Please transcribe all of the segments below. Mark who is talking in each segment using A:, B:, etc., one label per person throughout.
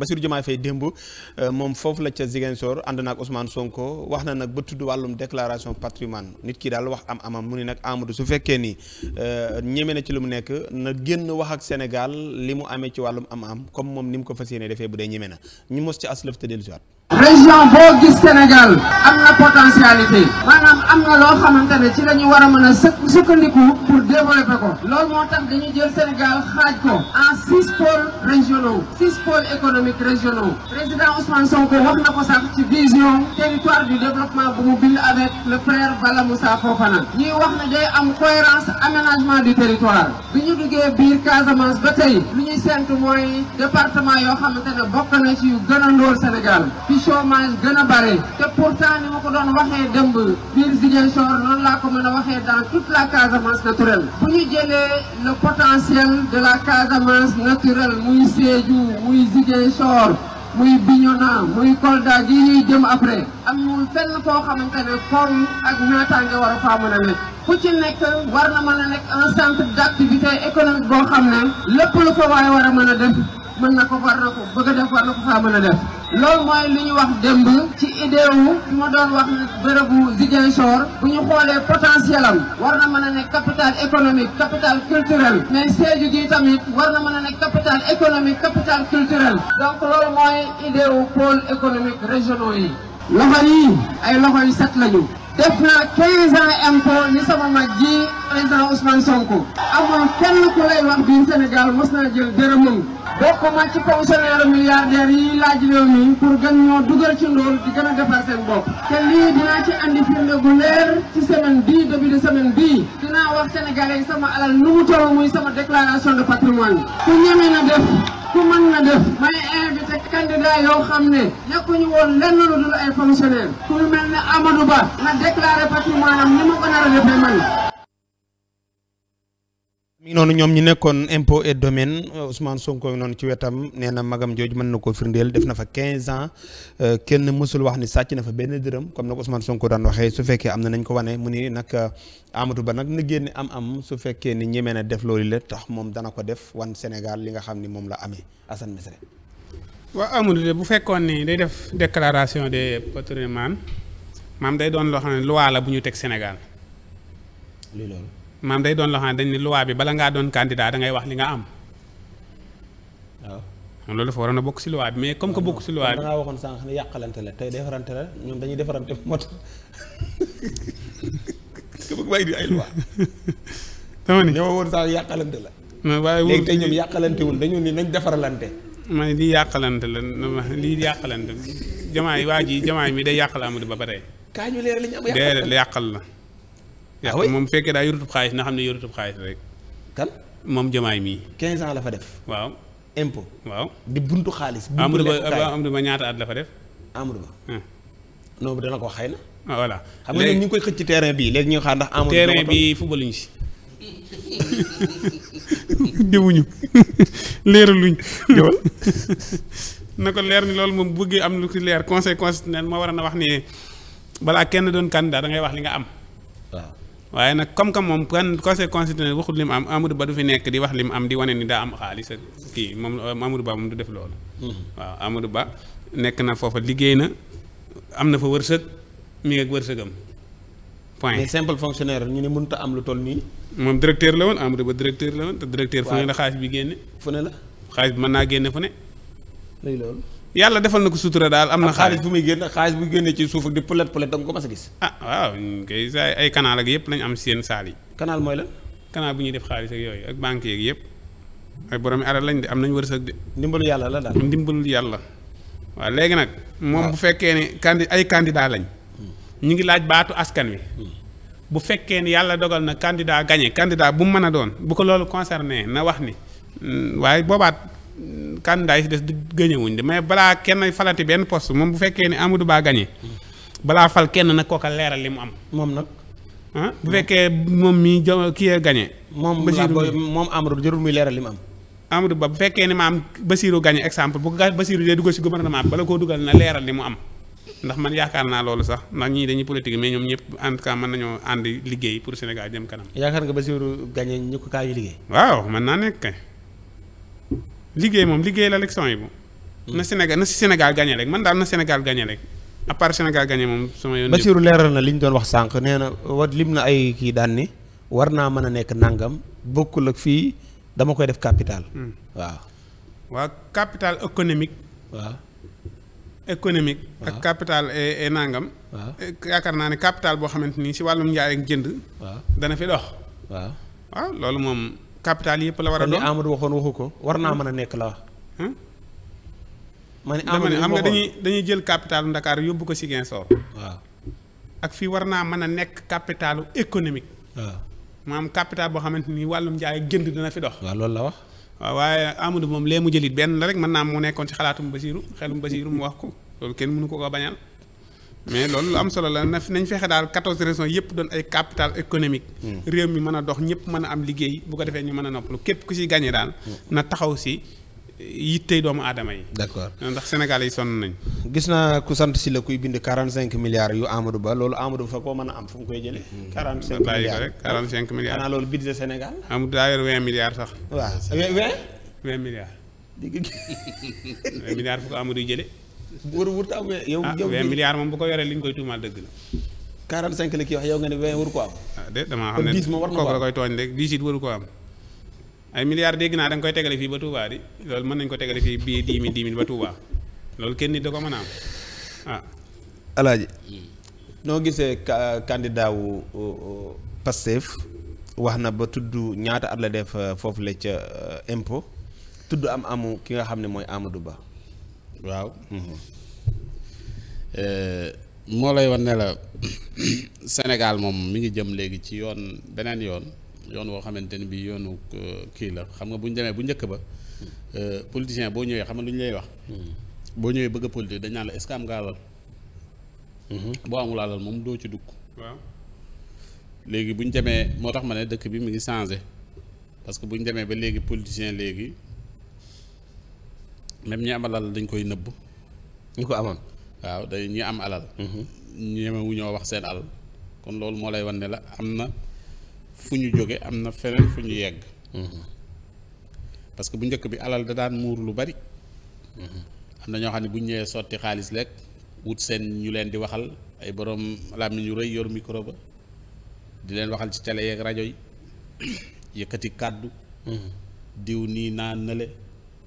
A: Bassirou Diomaye Faye démb euh, moom foofu la ca Ziguinchor ànd naag Ousmane Sonko wax na nag ba tudd wàllum déclaration patrimoine nit ki daal wax am amam mu ni nag Amadou su fekkee ni euh, ñeme na ci lu mu nekk na génn wax ak Sénégal li mu amee ci wàllum am am comme moom ni mu ko fas yéene defee bu dee ñeme na ñu mos ci aslëf te dellusiwaat
B: région boo gis Sénégal am na potentialité maanaam am na loo xamante ne ci la ñu war a mën a sukkandiku pour développer ko lool moo tax dañu jël Sénégal xaaj ko en six pôles régionaux six pôles économiques régionaux président Ousmane Sonko wax na ko sax ci vision territoire du développement bu mu bind avec le frère Bala Moussa Fofana ñuy wax ne day am cohérence aménagement du territoire bi ñu duggee biir Casamance ba tey lu ñuy séntu mooy département yoo xamante ne bokk na ci yu gën a Sénégal chômage gën a bare te pourtant ni ma ko doon waxee dëmb biir Ziguinchor noonu laa ko mën a waxee dans toute la Casamance naturelle bu ñu jëlee le potentiel de la Casamance naturelle muy Sédhiou muy Ziguinchor muy Bignona muy Kolda gi ñuy jëm après amul fenn koo xamante ne koom ak naataange war a faa mën a nekk ku ci nekk war na mën a nekk un centre d'activité économique boo xam ne lépp lu fa waaye war a mën a def mën na ko war na ko bëgg a a def loolu mooy lu ñu wax démb ci idée wu fi ma doon wax bërëbu Ziguinchor bu ñu xoolee potentiel am war na mën a nekk capital économique capital culturel mais Sédhiou gi tamit war na mën a nekk capital économique capital culturel donc loolu mooy idée wu pôle économique yi loxo yi ay loxo yu set lañu def naa 15 ans impôt ni sama mag ji président Ousmane Sonko amul kenn ku lay wax biir Sénégal mos naa jël dërëmam bokk ma ci fonctionnaire milliardaire yi laaj réew mi pour gën ñoo dugal ci ndóol di gën a defar seen bopp. te lii dinaa ci andi firnde gu leer ci semaine bii de semaine bii dinaa wax sénégalais yi sama alal nu mu toll muy sama déclaration de patrimoine ku ñeme na def ku mën na def may invité candidat yoo xam ne nekkuñu woon lenn lu dul ay fonctionnaire ku mel ne Amadou Ba na déclaré patrimoine am ni ma ko nar a man.
A: mi ngi noonu ñoom ñu nekkoon impôt et domaine euh, Ousmane Sonko noonu ci wetam nee na magam jooju mën na koo firndeel def na fa 15 ans euh, kenn mësul wax ni sàcc na fa benn dërëm comme nag Ousmane Sonko daan waxee su fekkee am na nañ ko wane mu ni nag euh, amatu Ba nag na génne am-am su fekkee ni ñemee na def loolu la tax moom dana ko def wan Sénégal li nga xam ni moom la amee Assane Mesre.
C: waaw Amadou de bu fekkoon ni day def déclaration de patrimoine maam day doon loo xam bu ñu teg Sénégal. lii maam day doon loo xam ne dañ ne loi bi bala ngaa doon candidat da ngay wax li nga am waaw. loolu dafa waroon a bokk si loi bi mais comme que bokk si loi bi. da ngaa
A: waxoon sànq ne yàqalante la tey defarante la ñoom ay loi. dama ne ñoo woon sànq yàqalante la.
C: waaye léegi tey ñoom
A: yàqalante wul dañu ni nañ defaralante.
C: ma ne lii yàqalante la lii yàqalante jamaay waa ji jamaay mi day yàqal Amadou Ba ba tey.
A: kaa ñu leer li ñu am yàqal la
C: yàqal la. ah moom fekkee daa yorutub xaalis na xam ne yorutub xaalis rek. kan moom jamaay mii. 15 ans la fa def. waaw impo waaw di buntu xaalis. buntu lekkukaay Amadou Ba ñaata at la def.
A: Amadou Ba. non bu dana ko xëy na. ah xam nga koy xëcc ci terrain bii léegi ñu ngi xaar ndax. Amadou terrain bi football ñu si.
C: demuñu leeraluñ. jawal na ko leer ni loolu moom bu am lu ci leer conseil neen moo war a na wax ni balaa kenn doon candidat da ngay wax li nga am. waaw. waaye nag comme que moom kan conseil constitutionnel waxul li mu am Amadou Ba du fi nekk di wax li mu am di wane ni daa am xaalis ak kii moom Amadou Ba moom du def loolu. Mhm. waaw Amadou Ba nekk na foofa liggéey na am na fa wërsëg mi ngi ak wërsëgam point. mais simple ñu ne mënut am lu toll nii. moom directeur la woon Amadou Ba directeur la woon te directeur. fu ne la xaalis bi génne. fu la. xaalis bi mën naa génne fu ne. léegi loolu. yàlla defal na ko sutura daal am na xaalis bu muy génn xaalis bu génnee ci suuf ak di pulet pulet da nga ko mas a gis ah waaw kay saa ay canal ak yëpp lañ am seen saal yi mooy la canal bu ñuy def xaalis ak yooyu ak banque yeeg yëpp ay borom alal lañ de am nañu war sa de ndimbalu yàlla la daal ndimbalu yàlla waa léegi nag moom bu fekkee ne kandi ay candidat lañ ñu ngi laaj baatu askan wi bu fekkee ne yàlla dogal na kandidaa gagné candidat bu mu mën a doon bu ko loolu concerné na wax ni hmm, waaye boobaat candidat yi si des du gañewuñ de mais balaa kenn falati benn poste moom bu fekkee ni Amadou Ba gañe balaa fal kenn nag kooka leeral li mu am. moom nag. ah bu fekkee moom mii jo kii yee gañe. moom moom Amadou jarul muy leeral li mu am. Amadou Ba bu fekkee ni maam Basirou gañe exemple bu ko Basirou dee
A: duggal si gouvernement bi bala koo dugal na
C: leeral li mu am. ndax man yaakaar naa loolu sax ndax ñii dañuy politique mais ñoom ñëpp en tout cas nañoo ànd liggéey pour Sénégal jëm kanam.
A: yaakaar nga Basirou gañe ñu ko kaay liggéey.
C: waaw mën naa nekk kay. liggéey moom liggéey la élection yi moom. Mm. na Sénégal na si Sénégal gagné rek man daal na Sénégal gagné rek à part Sénégal gagné moom sama yoon. Bassirou leeral
A: na li ñu doon wax sànq nee na wat lim na ay kii daan ni war naa mën a nekk nangam bokkul ak fii dama koy def capital. Mm.
C: waaw. waaw capital économique. waaw. économique. ak capital et nangam. Eh, yaakaar naa ne capital boo xamante ni si wàllum njaay ak jënd. dana fi dox. waaw waaw loolu moom. capital yëpp la war a doon Amadou
A: waxoon waxu ko war naa mën a nekk la hmm? ma ne Amadou nga dañuy
C: dañuy jël capital Ndakaar yóbbu ko Ziguinchor. waaw ak fii war naa mën a nekk capitalu économique. waaw maanaam capital boo xamante ni wàllum jaay jënd dina fi dox. waaw loolu la wax. waaw waaye Amadou moom lee mu jëlit benn la rek mën naa mu nekkoon ci xalaatum Basiiru xelum Basiiru mu wax ko loolu kenn mënu ko ko bañal. mais loolu lu am solo la na nañ fexe daal quatorze régions yëpp doon ay capital économique hmm. réew mi mën a dox ñëpp mën a am liggéey bu ko defee ñu mën a noppalu képp ku siy gagné daal hmm. na taxaw si yittey doomu aadama yi. d'accord ndax Sénégal yi sonn nañ
A: gis naa ku sant si la kuy bind quarante cinq milliards yu Amadou Ba loolu Amadou Ba fa koo mën a am fu mu koy jëlee. Hmm. quarante cinq milliards rek quarante cinq milliards. xanaa loolu budget Sénégal.
C: am daa sax.
A: waaw vingt. vingt milliards. vingt milliards fu
C: ko wër wër am yow. Ah, yow moom bu ko yoree li koy tuumaal dëgg la.
A: 45 la kii wax yow nga ne 20 wër ko am. ah déet damaa xam ne kooku la
C: koy tooñ rek 10 it ko am. ay milliards dégg naa da nga koy tegale fii ba Touba di loolu mën nañu ko tegale fii bii 10 000 10 ba Touba loolu kenn nit da ko mën a am ah.
A: Alaaji hmm. noo gisee candidat wu Pastef wax na ba tudd ñaata at la def foofu la ca euh, impôt tudd am amu ki nga xam ne mooy Amadou Ba.
D: waaw. Eh, moo lay wan ne la Sénégal moom mi ngi jëm léegi ci yoon beneen yoon yoon woo xamante ni bii yoonu eh, kii la xam nga bu ñu demee bu njëkk ba. Eh, politicien boo ñëwee xam nga lu ñu lay wax. Hmm. boo ñëwee bëgg a politique dañ naan la est-ce am nga alal. Hmm. boo amul alal moom doo ci dugg. léegi bu ñu demee moo tax ma ne dëkk bi mi ngi changé parce que bu ñu demee ba léegi politicien léegi même ñi am dañ koy nëbb. ñu ko amoon. waaw day ñi am alal. Mhm. ñemewu ñoo wax seen alal kon loolu moo lay wan ne la am na fu ñu jóge am na feneen fu ñu yegg. Mhm. parce que bu njëkk bi alal da daan muur lu bari. Mhm. am na ñoo xam ne bu ñu ñëwee sotti xaalis rek wut seen ñu leen di waxal ay borom làmmiñ yu rëy yor micro di leen waxal ci télé yeeg rajo yi yëkkati kàddu. diw nii naa nële.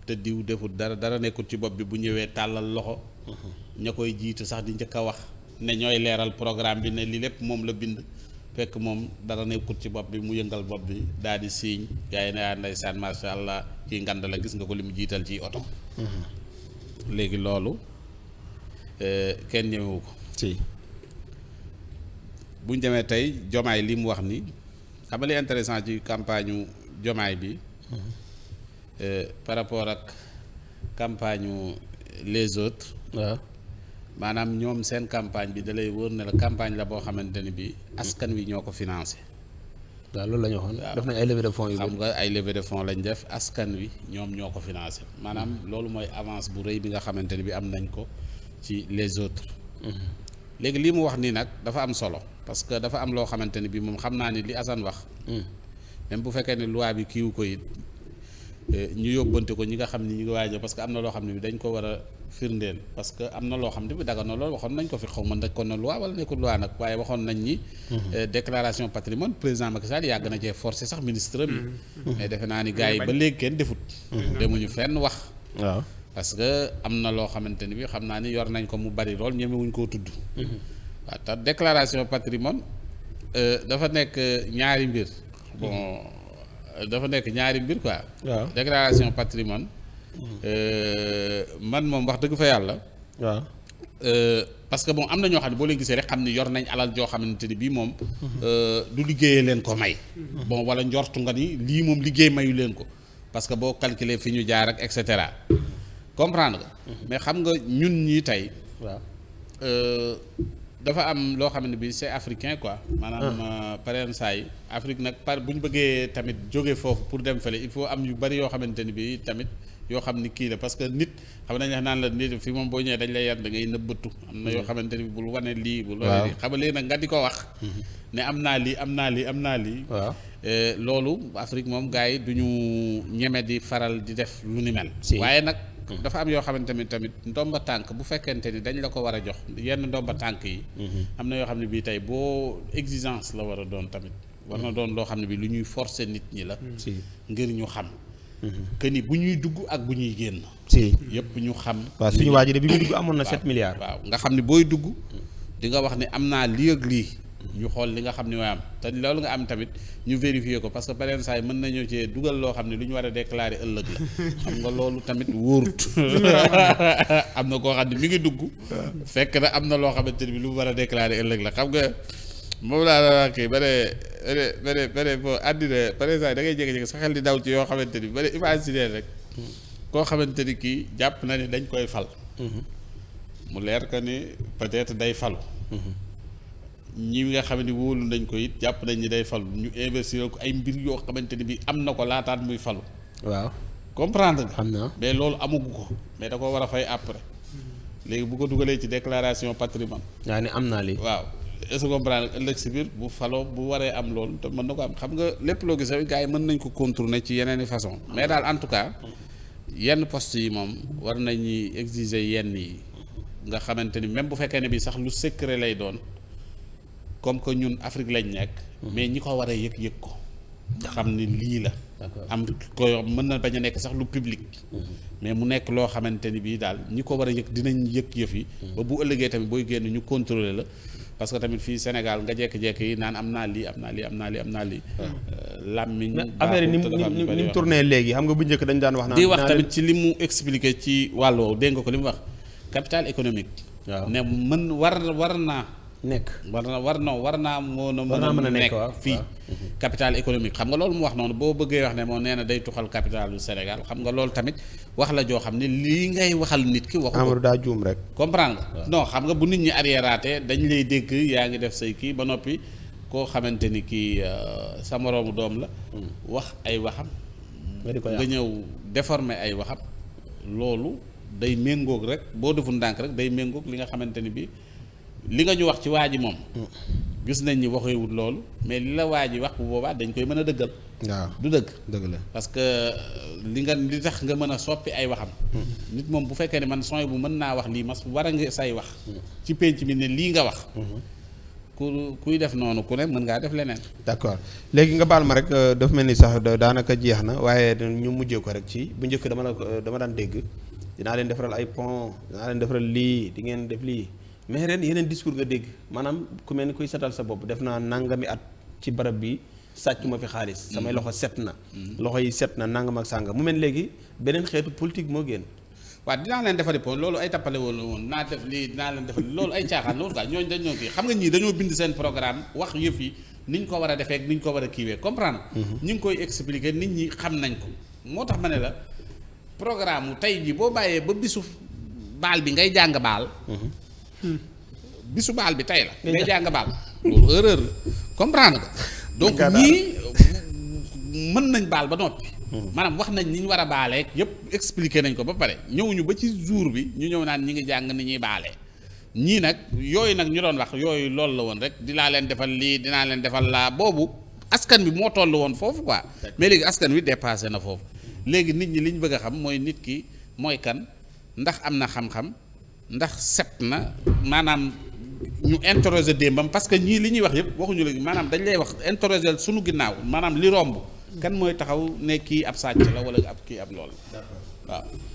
D: te diw deful dara dara nekkul ci bopp bi bu ñëwee tàllal loxo ña koy jiite sax di njëkk a wax ne ñooy leeral programme bi ne li lépp moom la bind fekk moom dara nekkul ci bopp bi mu yëngal bopp bi daal di siiñ gars yi ne ah ndeysaan macha allah kii ngand la gis nga ko li mu jiital ci oto léegi loolu euh, kenn ñëwewu ko si bu ñu demee tey jomaay li mu wax ni xam nga li intéressant ci campagne u jomaay bi
B: mm-hmm.
D: Euh, par rapport ak campagne u euh, les autres waaw maanaam ñoom seen campagne bi da lay na la campagne la boo xamante ni bi askan wi ñoo ko financé
A: waaw loolu la ñu waxoon ay levée de fonds nga
D: ay levée de fonds lañ def askan wi ñoom ñoo ko financé maanaam mm-hmm. loolu mooy avance bu rëy bi nga xamante ni bi am nañ ko ci les autres mm-hmm. léegi lii mu wax nii nag dafa am solo parce que dafa am loo xamante ni bi moom xam naa ni li Assane wax mm. même bu fekkee ne loi bi kiiwu ko it ñu yóbbante ko ñi nga xam ni ñu ngi waaj parce que am na loo xam ne bi dañ ko war a firndeel parce que am na loo xam ne bi daga na lool waxoon nañ ko fi xaw ma ndax kon na loi wala nekkul loi nag waaye waxoon nañ ni. Mhm. Euh, déclaration patrimoine président Macky Sall yàgg na cee force sax ministre bi. Mhm. Mhm. mais defe naa ni gars yi ba léegi kenn defut. demuñu fenn wax. waaw parce que am na loo xamante ni bi xam naa ni yor nañ ko mu bari lool ñemewuñ koo tudd. waaw te déclaration patrimoine euh, dafa nekk ñaari mbir dafa nekk ñaari mbir quoi. waaw déclaration patrimoine. Euh, man moom wax dëgg fa yàlla. waaw. Euh, parce que bon am na ñoo xam ne boo leen gisee rek xam ni yor nañ alal joo xamante ni bii moom. Mhm. Euh, du liggéeyee leen ko may. Mhm. bon wala njortu nga ni lii moom liggéey mayu leen ko parce que boo calculer fi ñu jaar ak et cetera comprendre nga. Mhm. mais xam nga ñun ñii tey. waaw. dafa am loo xam ne bi c'est africain quoi maanaam ah. euh, pareen saa yi Afrique nag par bu ñu bëggee tamit jóge foofu pour dem fële il faut am yu bari yoo xamante ni bi tamit yoo xam ni kii la parce que nit xam nañ naan la nit fi moom boo ñëwee dañ lay yar da ngay nëbbatu am na yoo mm-hmm. xamante ni bul wane lii bul wane lii xam léegi nag nga di ko wax mm-hmm. ne am naa lii am naa lii am naa lii waaw eh, loolu Afrique moom gars yi du ñu ñeme di faral di def lu ni mel waaye nag Mm-hmm. dafa am yoo xamante ni tamit ndomba tànk bu fekkente ni dañ la ko war a jox yenn ndomba tànk yi. Mm-hmm. am na yoo xam ne bii tey boo exigence la war a doon tamit. war na mm-hmm. doon loo xam ne bii lu ñuy forcer nit ñi la. ngir ñu xam. que ni bu ñuy dugg ak bu ñuy génn. si yëpp ñu xam. waa suñu waa ji bi muy dugg amoon na 7 milliards. waaw nga xam ne booy dugg di nga wax ne am naa lii ak lii. ñu xool li nga xam ne mooy am te loolu nga am tamit ñu vérifier ko parce que beneen saa mën nañu cee dugal loo xam ne lu ñu war a déclarer ëllëg la xam nga loolu tamit wóorut am na koo xam ne mi ngi dugg fekk na am na loo xamante ni bi lu mu war a déclarer ëllëg la xam nga moom laa la kii ba ne ba ne ba ne boo àddina par exemple da ngay jékki-jékki sa xel di daw ci yoo xamante ni ba ne imaginer rek koo xamante ni kii jàpp na ne dañ koy fal mm-hmm. mu leer que ni peut-être day falu mm-hmm. ñi nga xamante ni wóolu nañ ko it jàpp nañ ñi day falu ñu investir ko ay mbir yoo xamante ni bi am na ko laataat muy falu. waaw comprendre xam naa mais loolu amagu ko mais da ko war a fay après. léegi bu ko dugalee ci déclaration patrimoine. yaa ni am naa lii waaw. est-ce que bu faloo bu waree am loolu te mën na ko am xam nga lépp loo gis gars yi mën nañ ko contourner ci yeneen i façon mais daal en tout cas yenn poste yi moom war nañuy exiger yenn yi nga xamante ni même bu fekkee ne bi sax lu secret lay doon comme que ñun Afrique lañ nekk. Mhm. mais ñi ko war a yëg yëg ko. xam ni lii la. am ko mën na bañ a nekk sax lu public. Mhm. mais mu nekk loo xamante ni bii daal ñi ko war a yëg dinañ yëg yëf yi. Mhm. ba bu ëllëgee tamit booy génn ñu contrôler la. parce que tamit fii Sénégal nga jékki-jékki yi naan am naa lii am naa lii am naa lii am naa lii. Ah. Euh, làmmiñ affaire ni mu ni mu
A: léegi xam nga bu njëkk dañ daan wax. naan di wax tamit
D: ci li mu expliqué ci wàll woowu dégg nga ko li mu wax capital économique. nekk war na war non war naa moo a mën a nekk fii mm-hmm. capital économique xam nga loolu mu wax noonu boo bëggee wax ne moom nee na day tuxal capital du Sénégal xam nga loolu tamit wax la joo xam ne lii ngay waxal nit ki waxu Amadou daa juum rek comprendre nga xam nga bu nit ñi arriératé dañ lay dégg yaa ngi def say kii ba noppi koo xamante ni kii euh, sa moroomu doom la hmm. wax ay waxam nga ñëw déformer ay waxam loolu day méngook rek boo defu ndànk rek day méngook li nga xamante ni bi li nga ñu wax ci waa ji moom. Mm. gis nañ ni waxeewut loolu mais li la waa ji wax bu boobaa dañ koy mën a dëggal.
A: waaw du dëgg. dëgg la
D: parce que euh, li nga li tax nga mën a soppi ay waxam. Mm. nit moom bu fekkee ne man sooy bu mën naa wax lii mas war a nga say wax. Mm. ci pénc mi ne lii nga wax. Mm-hmm. ku kuy def noonu ku ne mën ngaa def leneen.
A: d'accord léegi nga baal ma rek euh, dafa mel ni sax daanaka jeex na waaye ñu mujjee ko rek ci bu njëkk dama la euh, dama daan dégg dinaa leen defaral ay pont dinaa leen defaral lii di ngeen def lii. mais ren yeneen discours nga dégg maanaam ku mel ni kuy setal sa bopp def naa nangami at ci barab bi sàcc ma fi xaalis mm-hmm. samay loxo set na mm-hmm. loxo yi
D: set na nangam ak sàngam mu mel léegi beneen xeetu politique moo génn waa dinaa leen defari po loolu ay tappale woon la woon naa def lii dinaa leen defal loolu ay caaxaan la woon ñooñ ñooñu dañoo kii xam nga ñii dañoo bind seen programme wax yëf yi ni ñu ko war a defee ak ni ñu ko war a kiiwee comprendre mm-hmm. ñu ngi koy expliquer nit ñi xam nañ ko moo tax ma ne la programme tey ji boo bàyyee ba bisu baal bi ngay jàng baal bisu baal bi tey la. day jàng baal loolu erreur comprendre nga. donc ñii mën nañ baal ba noppi. Hmm. maanaam wax nañ ni ñu war a baalee yëpp expliqué nañ ko ba pare ñëwuñu ba ci jour bi ñu ñëw naan ñi ngi jàng ni ñuy baalee. ñii nag yooyu nag ñu doon wax yooyu loolu la woon rek dinaa leen defal lii dinaa leen defal laa boobu askan bi moo toll woon foofu quoi mais léegi askan wi dépassé na foofu léegi nit ñi li ñu bëgg a xam mooy nit ki mooy kan ndax am na xam-xam ndax set na maanaam ñu interroger démbam parce que ñii li ñuy wax yëpp waxuñu la maanaam dañ lay wax interroger suñu ginnaaw maanaam li romb kan mooy taxaw ne kii ab sàcc la walla ab kii ab lool waaw